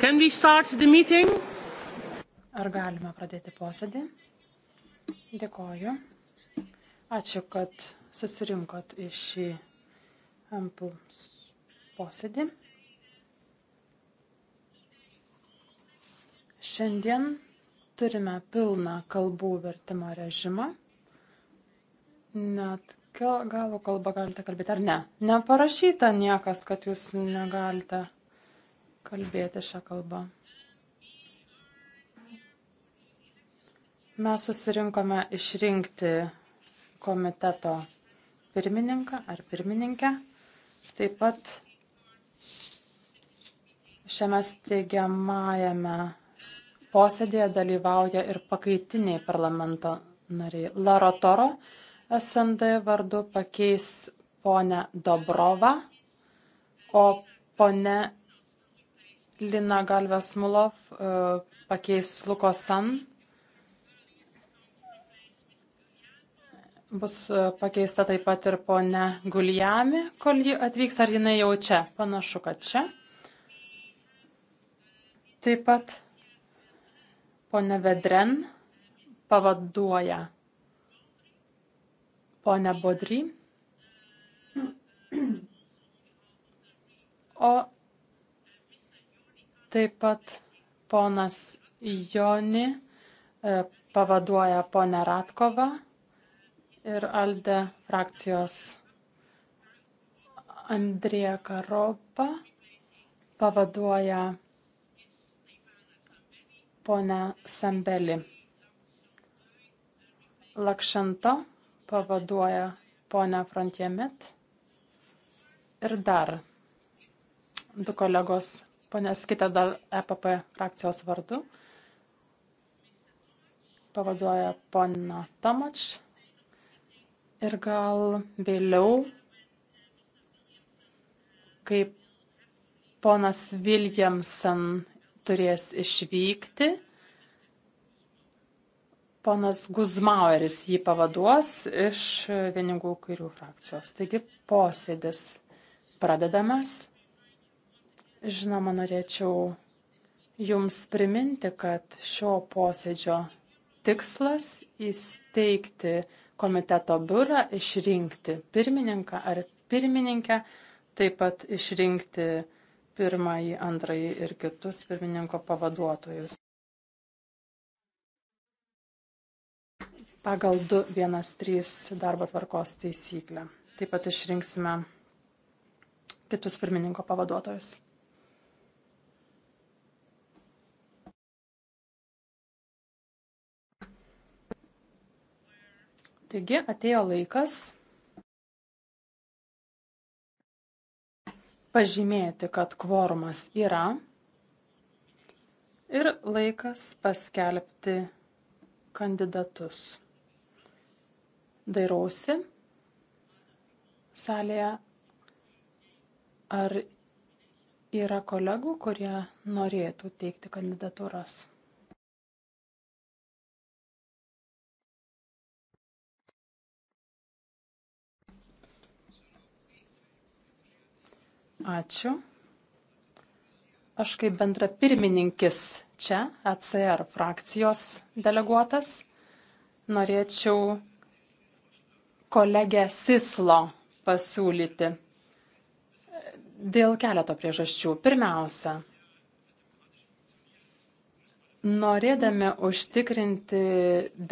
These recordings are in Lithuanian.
Can we start the meeting? Ar galime pradėti posėdį? Dėkoju. Ačiū, kad susirinkot į šį ampl posėdį. Šiandien turime pilną kalbų vertimo režimą. Net galvo kalbą galite kalbėti ar ne. Neparašyta niekas, kad jūs negalite kalbėti kalbėti šią kalbą. Mes susirinkome išrinkti komiteto pirmininką ar pirmininkę. Taip pat šiame steigiamajame posėdėje dalyvauja ir pakaitiniai parlamento nariai. Laro Toro SND vardu pakeis ponę Dobrovą, o ponę Lina Galves Mulov e, pakeis Lukosan. Bus e, pakeista taip pat ir ponia Guljami, kol ji atvyks, ar jinai jau čia. Panašu, kad čia. Taip pat ponia Vedren pavaduoja ponia Bodry. O Taip pat ponas Joni e, pavaduoja ponę Ratkovą ir Alde frakcijos Andrija Karopa pavaduoja ponę Sambelį. Lakšanto pavaduoja ponę Frontiemet ir dar du kolegos Pane Skita dar EPP frakcijos vardu. Pavaduoja pona Tomač. Ir gal vėliau, kai ponas Williamson turės išvykti, ponas Guzmaueris jį pavaduos iš vieningų kairių frakcijos. Taigi posėdis pradedamas. Žinoma, norėčiau Jums priminti, kad šio posėdžio tikslas įsteigti komiteto biurą, išrinkti pirmininką ar pirmininkę, taip pat išrinkti pirmąjį, antrąjį ir kitus pirmininko pavaduotojus. Pagal 213 darbo tvarkos taisyklę. Taip pat išrinksime kitus pirmininko pavaduotojus. Taigi atėjo laikas pažymėti, kad kvormas yra ir laikas paskelbti kandidatus. Dairausi salėje, ar yra kolegų, kurie norėtų teikti kandidatūras. Ačiū. Aš kaip bendra pirmininkis čia, ACR e frakcijos deleguotas, norėčiau kolegę Sislo pasiūlyti dėl keleto priežasčių. Pirmiausia, norėdami užtikrinti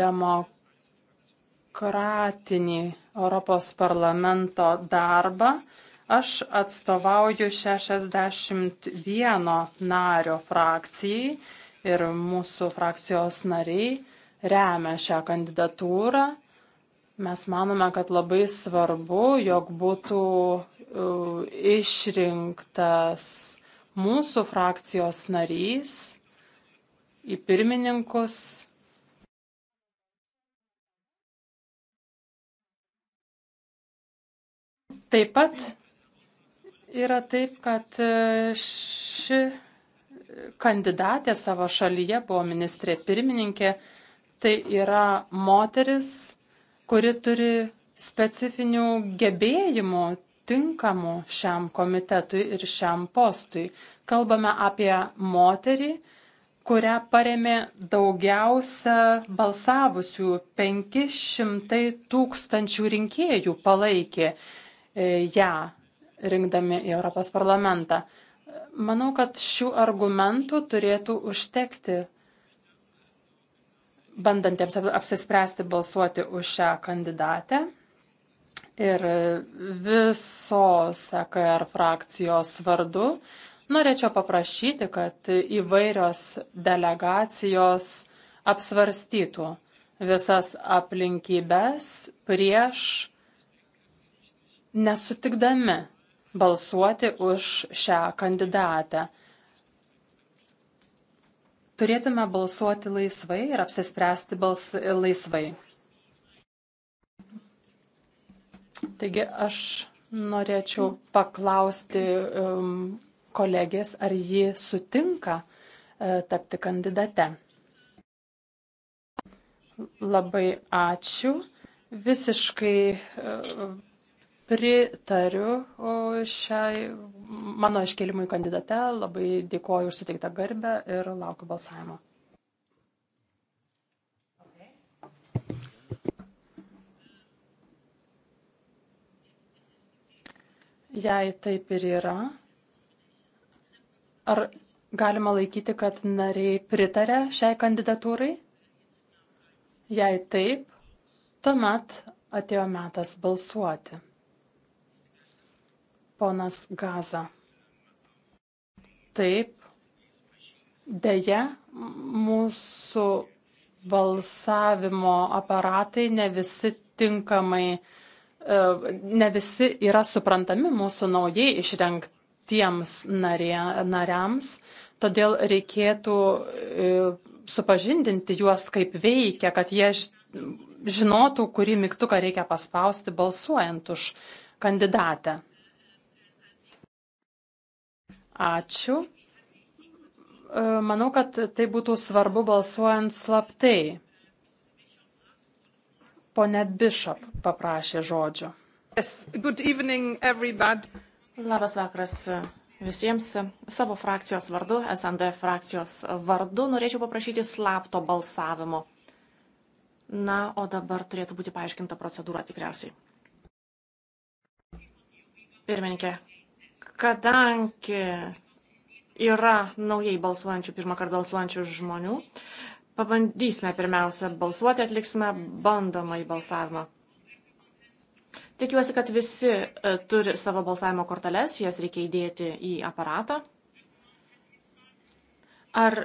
demokratinį Europos parlamento darbą, Aš atstovauju 61 nario frakcijai ir mūsų frakcijos nariai remia šią kandidatūrą. Mes manome, kad labai svarbu, jog būtų išrinktas mūsų frakcijos narys į pirmininkus. Taip pat Yra taip, kad e, ši kandidatė savo šalyje buvo ministrė pirmininkė. Tai yra moteris, kuri turi specifinių gebėjimų tinkamų šiam komitetui ir šiam postui. Kalbame apie moterį, kurią paremė daugiausia balsavusių 500 tūkstančių rinkėjų palaikė e, ją. Ja rinkdami į Europos parlamentą. Manau, kad šių argumentų turėtų užtekti bandantiems apsispręsti balsuoti už šią kandidatę. Ir visos EKR frakcijos vardu norėčiau paprašyti, kad įvairios delegacijos apsvarstytų visas aplinkybės prieš nesutikdami balsuoti už šią kandidatę. Turėtume balsuoti laisvai ir apsispręsti bals laisvai. Taigi aš norėčiau paklausti um, kolegės, ar ji sutinka uh, tapti kandidate. Labai ačiū. Visiškai uh, pritariu šiai mano iškelimui kandidate, labai dėkoju už suteiktą garbę ir laukiu balsavimo. Jei taip ir yra, ar galima laikyti, kad nariai pritarė šiai kandidatūrai? Jei taip, tuomet atėjo metas balsuoti ponas Gaza. Taip, Deja, mūsų balsavimo aparatai ne visi tinkamai, e, ne visi yra suprantami mūsų naujai išrenktiems narė, nariams, todėl reikėtų e, supažindinti juos, kaip veikia, kad jie žinotų, kurį mygtuką reikia paspausti balsuojant už kandidatę. Ačiū. E, manau, kad tai būtų svarbu balsuojant slaptai. Pone Bishop paprašė žodžio. Yes. Good evening, everybody. Labas vakaras visiems. Savo frakcijos vardu, SND frakcijos vardu, norėčiau paprašyti slapto balsavimo. Na, o dabar turėtų būti paaiškinta procedūra tikriausiai. Pirmininkė, Kadangi yra naujai balsuojančių, pirmą kartą balsuojančių žmonių, pabandysime pirmiausia balsuoti, atliksime bandomą į balsavimą. Tikiuosi, kad visi e, turi savo balsavimo korteles, jas reikia įdėti į aparatą. Ar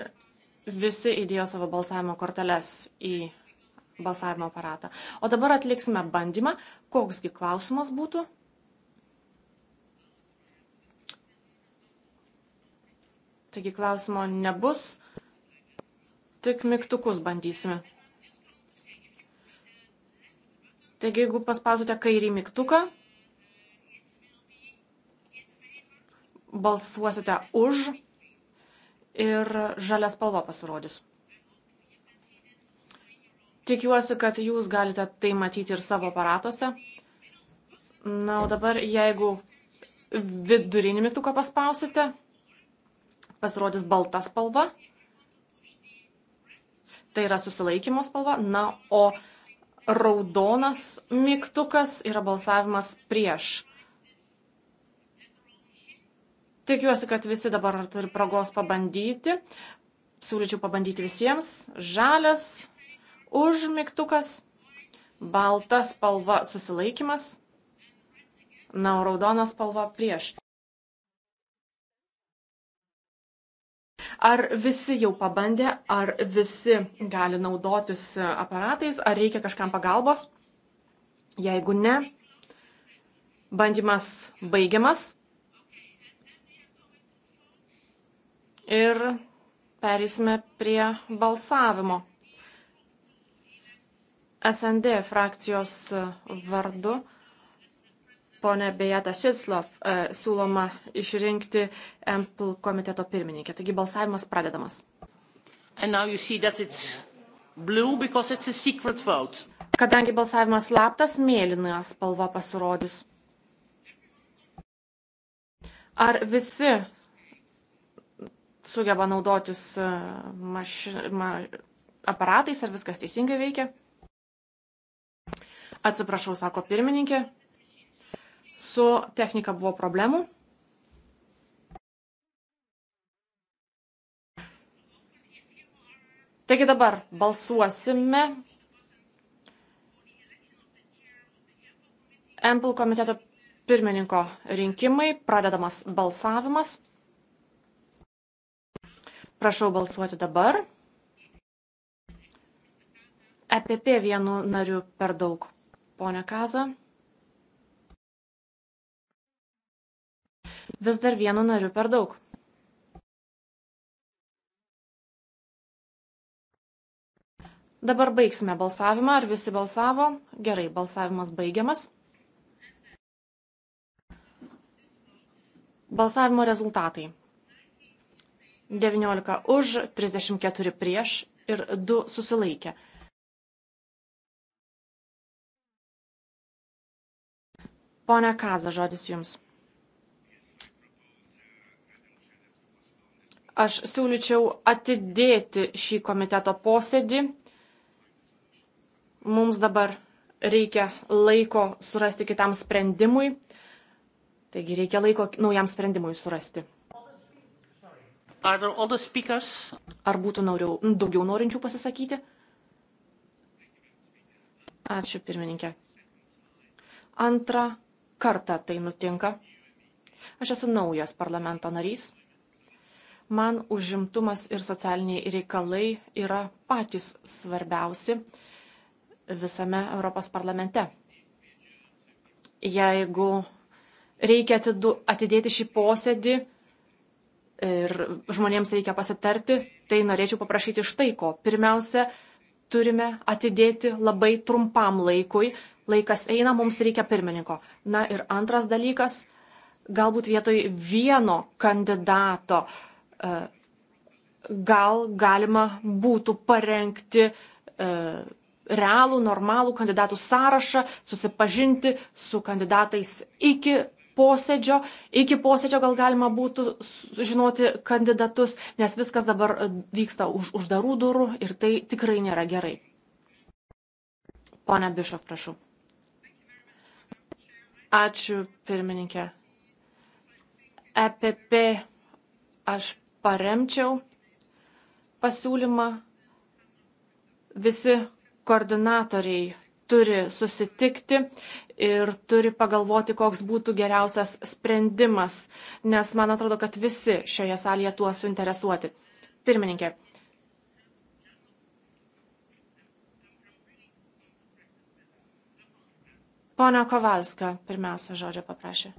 visi įdėjo savo balsavimo korteles į balsavimo aparatą? O dabar atliksime bandymą, koksgi klausimas būtų. Taigi klausimo nebus, tik mygtukus bandysime. Taigi, jeigu paspaudote kairį mygtuką, balsuosite už ir žalia spalva pasirodys. Tikiuosi, kad jūs galite tai matyti ir savo aparatuose. Na, o dabar, jeigu vidurinį mygtuką paspausite, pasirodys balta spalva. Tai yra susilaikymo spalva. Na, o raudonas mygtukas yra balsavimas prieš. Tikiuosi, kad visi dabar turi progos pabandyti. Siūlyčiau pabandyti visiems. Žalias už mygtukas, balta spalva susilaikimas, na, raudona spalva prieš. Ar visi jau pabandė, ar visi gali naudotis e, aparatais, ar reikia kažkam pagalbos? Jeigu ne, bandymas baigiamas. Ir perėsime prie balsavimo. SND frakcijos e, vardu ponė Bejata Šitslov e, siūloma išrinkti MPL komiteto pirmininkę. Taigi balsavimas pradedamas. Kadangi balsavimas slaptas, mėlyna spalva pasirodys. Ar visi sugeba naudotis e, maš... ma... aparatais, ar viskas teisingai veikia? Atsiprašau, sako pirmininkė. Su technika buvo problemų. Taigi dabar balsuosime Ample komiteto pirmininko rinkimai, pradedamas balsavimas. Prašau balsuoti dabar. EPP vienu nariu per daug. Pone Kaza. vis dar vienu nariu per daug Dabar baigsime balsavimą. Ar visi balsavo? Gerai, balsavimas baigiamas. Balsavimo rezultatai. 19 už, 34 prieš ir 2 susilaikė. Pone Kaza, žodis jums. Aš siūlyčiau atidėti šį komiteto posėdį. Mums dabar reikia laiko surasti kitam sprendimui. Taigi reikia laiko naujam sprendimui surasti. Ar būtų nauriau, daugiau norinčių pasisakyti? Ačiū, pirmininkė. Antrą kartą tai nutinka. Aš esu naujas parlamento narys. Man užimtumas ir socialiniai reikalai yra patys svarbiausi visame Europos parlamente. Jeigu reikia atidu, atidėti šį posėdį ir žmonėms reikia pasitarti, tai norėčiau paprašyti štai ko. Pirmiausia, turime atidėti labai trumpam laikui. Laikas eina, mums reikia pirmininko. Na ir antras dalykas, galbūt vietoj vieno kandidato uh, gal galima būtų parengti e, realų, normalų kandidatų sąrašą, susipažinti su kandidatais iki posėdžio. Iki posėdžio gal galima būtų žinoti kandidatus, nes viskas dabar e, vyksta už uždarų durų ir tai tikrai nėra gerai. Pone Bišov, prašau. Ačiū, pirmininkė. EPP aš paremčiau pasiūlymą. Visi koordinatoriai turi susitikti ir turi pagalvoti, koks būtų geriausias sprendimas, nes man atrodo, kad visi šioje salėje tuo suinteresuoti. Pirmininkė. Pone Kovalska pirmiausia žodžio paprašė.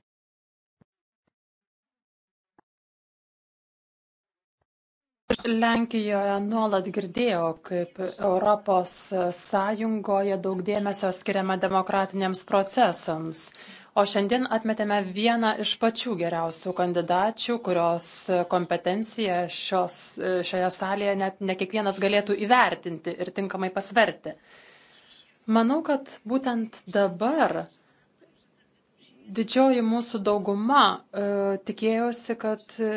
Lenkijoje nuolat girdėjau, kaip Europos Sąjungoje daug dėmesio skiriama demokratiniams procesams. O šiandien atmetėme vieną iš pačių geriausių kandidačių, kurios kompetenciją šios, šioje salėje net ne kiekvienas galėtų įvertinti ir tinkamai pasverti. Manau, kad būtent dabar didžioji mūsų dauguma e, tikėjosi, kad e,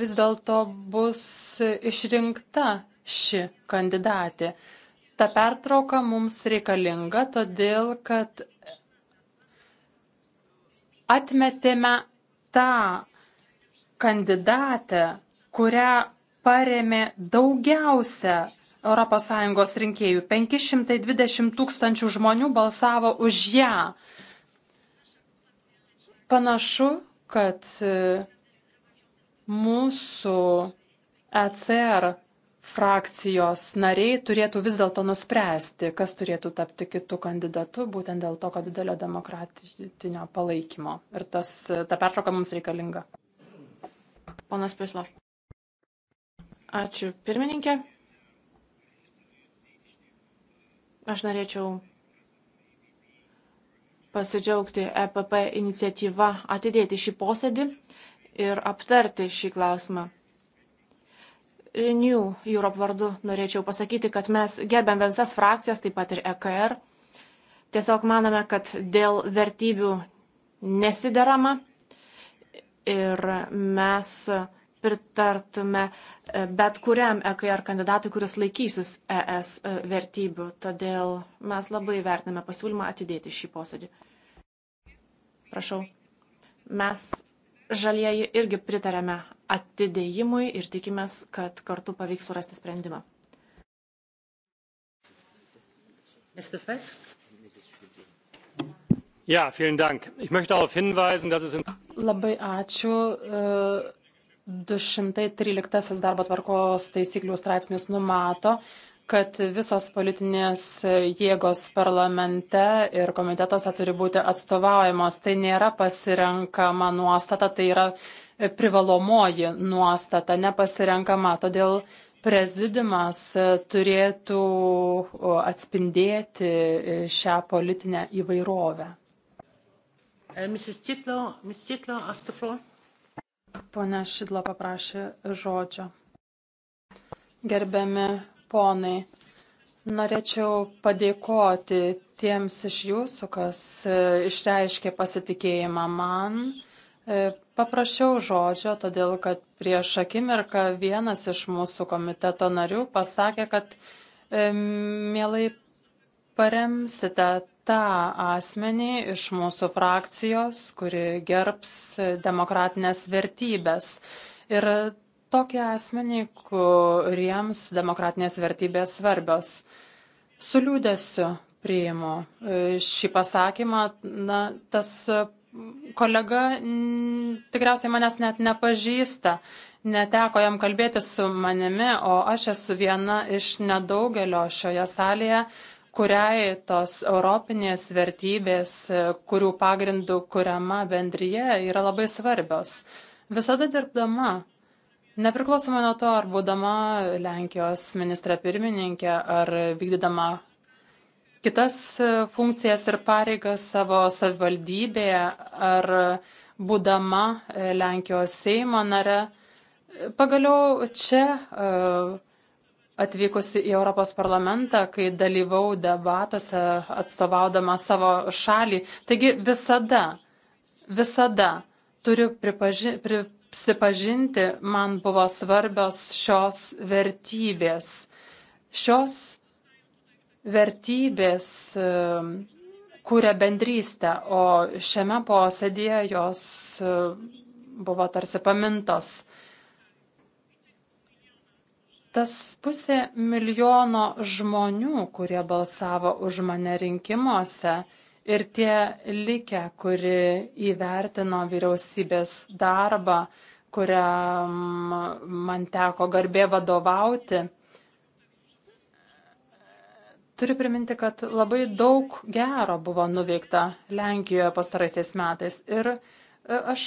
vis dėlto bus išrinkta ši kandidatė. Ta pertrauka mums reikalinga, todėl kad atmetėme tą kandidatę, kurią paremė daugiausia ES rinkėjų. 520 tūkstančių žmonių balsavo už ją. Panašu, kad e, mūsų ECR frakcijos nariai turėtų vis dėlto nuspręsti, kas turėtų tapti kitų kandidatų, būtent dėl to, kad didelio demokratinio palaikymo. Ir tas, ta pertrauka mums reikalinga. Ponas Pislov. Ačiū, pirmininkė. Aš norėčiau pasidžiaugti EPP iniciatyva atidėti šį posėdį ir aptarti šį klausimą. Renew Europe vardu norėčiau pasakyti, kad mes gerbėm visas frakcijas, taip pat ir EKR. Tiesiog manome, kad dėl vertybių nesiderama ir mes pritartume e, bet kuriam EKR kandidatui, kuris laikysis ES e, vertybių. Todėl mes labai vertiname pasiūlymą atidėti šį posėdį. Prašau. Mes žalieji irgi pritarėme atidėjimui ir tikimės, kad kartu pavyks surasti sprendimą. Mr. Fest. Ja, vielen Dank. Ich möchte darauf hinweisen, dass es in. Labai ačiū. Uh 213 darbo tvarkos taisyklių straipsnis numato, kad visos politinės jėgos parlamente ir komitetuose turi būti atstovaujamos. Tai nėra pasirenkama nuostata, tai yra privalomoji nuostata, nepasirenkama. Todėl prezidimas turėtų atspindėti šią politinę įvairovę. Uh, Mrs. Titlow, Mrs. Titlow asked the floor. Pone Šidlo paprašė žodžio. Gerbiami ponai, norėčiau padėkoti tiems iš jūsų, kas e, išreiškė pasitikėjimą man. E, paprašiau žodžio, todėl kad prieš akimirką vienas iš mūsų komiteto narių pasakė, kad mielai paremsite tą asmenį iš mūsų frakcijos, kuri gerbs demokratinės vertybės. Ir tokį asmenį, kuriems demokratinės vertybės svarbios. Su liūdėsiu priimu e, šį pasakymą. Na, tas kolega tikriausiai manęs net nepažįsta, neteko jam kalbėti su manimi, o aš esu viena iš nedaugelio šioje salėje, kuriai tos europinės vertybės, kurių pagrindų kuriama bendryje, yra labai svarbios. Visada dirbdama, nepriklausomai nuo to, ar būdama Lenkijos ministra pirmininkė, ar vykdydama kitas funkcijas ir pareigas savo savivaldybėje, ar būdama Lenkijos Seimo nare, pagaliau čia atvykusi į Europos parlamentą, kai dalyvau debatuose atstovaudama savo šalį. Taigi visada, visada turiu pripaži, prisipažinti, man buvo svarbios šios vertybės. Šios vertybės um, kūrė bendrystę, o šiame posėdėje jos um, buvo tarsi pamintos tas pusė milijono žmonių, kurie balsavo už mane rinkimuose ir tie likę, kuri įvertino vyriausybės darbą, kurią mm, man teko garbė vadovauti. Turiu priminti, kad labai daug gero buvo nuveikta Lenkijoje pastaraisiais metais ir Aš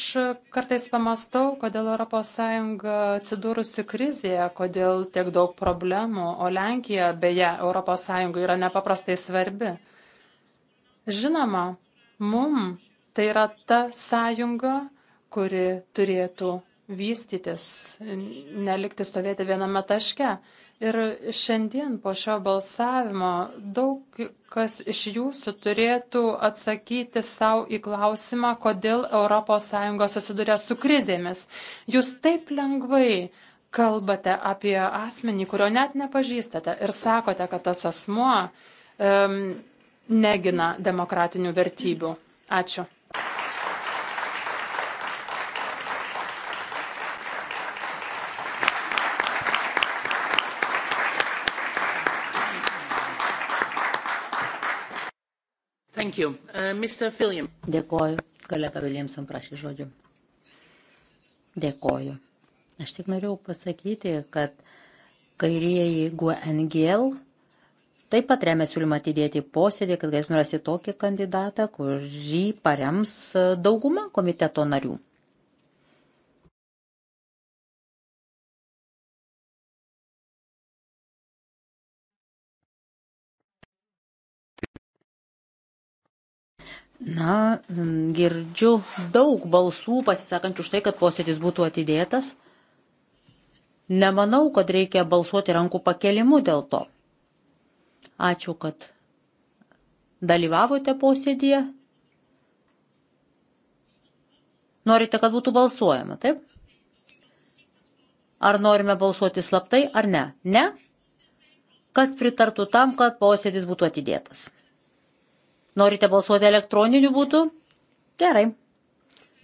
kartais pamastau, kodėl ES atsidūrusi krizėje, kodėl tiek daug problemų, o Lenkija beje ES yra nepaprastai svarbi. Žinoma, mum tai yra ta sąjunga, kuri turėtų vystytis, nelikti stovėti viename taške. Ir šiandien po šio balsavimo daug kas iš jūsų turėtų atsakyti savo į klausimą, kodėl ES susiduria su krizėmis. Jūs taip lengvai kalbate apie asmenį, kurio net nepažįstate ir sakote, kad tas asmuo um, negina demokratinių vertybių. Ačiū. Mr. William. Dėkoju. Kolega Williamson prašė žodžių. Dėkoju. Aš tik norėjau pasakyti, kad kairieji GUNGL taip pat remia siūlymą atidėti posėdį, kad galėsime rasti tokį kandidatą, kurį parems dauguma komiteto narių. Na, mm, girdžiu daug balsų pasisakančių už tai, kad posėdis būtų atidėtas. Nemanau, kad reikia balsuoti rankų pakelimu dėl to. Ačiū, kad dalyvavote posėdėje. Norite, kad būtų balsuojama, taip? Ar norime balsuoti slaptai, ar ne? Ne? Kas pritartų tam, kad posėdis būtų atidėtas? Norite balsuoti elektroniniu būdu? Gerai.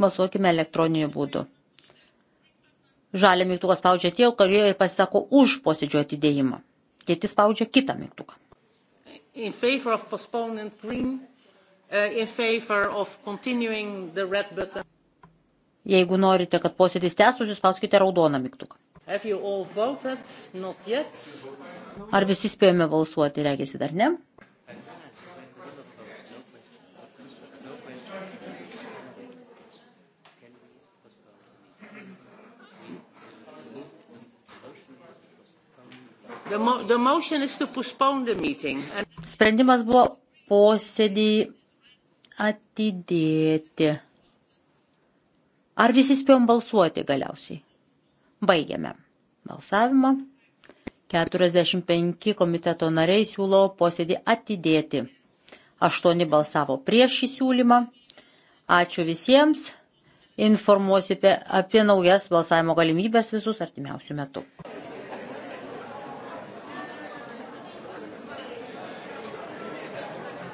Balsuokime elektroniniu būdu. Žalia mygtuką spaudžia tie, kurie pasisako už posėdžio atidėjimą. Kiti spaudžia kitą mygtuką. In favor of postponement green, uh, in favor of continuing the red button. Jeigu norite, kad posėdis tęstųsi, spauskite raudoną mygtuką. Ar visi spėjome balsuoti, regėsi dar ne? The mo the motion is to postpone the meeting. And... Sprendimas buvo posėdį atidėti. Ar visi spėjom balsuoti galiausiai? Baigiame balsavimą. 45 komiteto nariai siūlo posėdį atidėti. 8 balsavo prieš šį siūlymą. Ačiū visiems. Informuosiu apie, apie naujas balsavimo galimybės visus artimiausių metų.